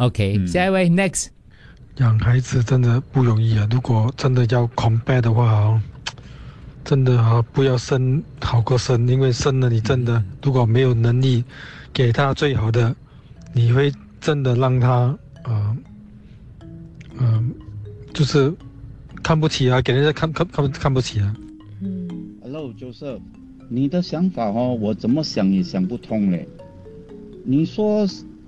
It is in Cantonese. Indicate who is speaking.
Speaker 1: OK、嗯、下一位 next。養孩子真的不容易啊！如果真的要 compare 的話，啊，真
Speaker 2: 的啊，不要生好過生，因為生了你真的如果沒有能力，給他最好的，你會真的讓他，嗯、呃、嗯、呃，就是看不起啊，給人家看看看看不起啊。
Speaker 1: hello，就是你的想法哦，我怎麼想也想不通嘞，你說？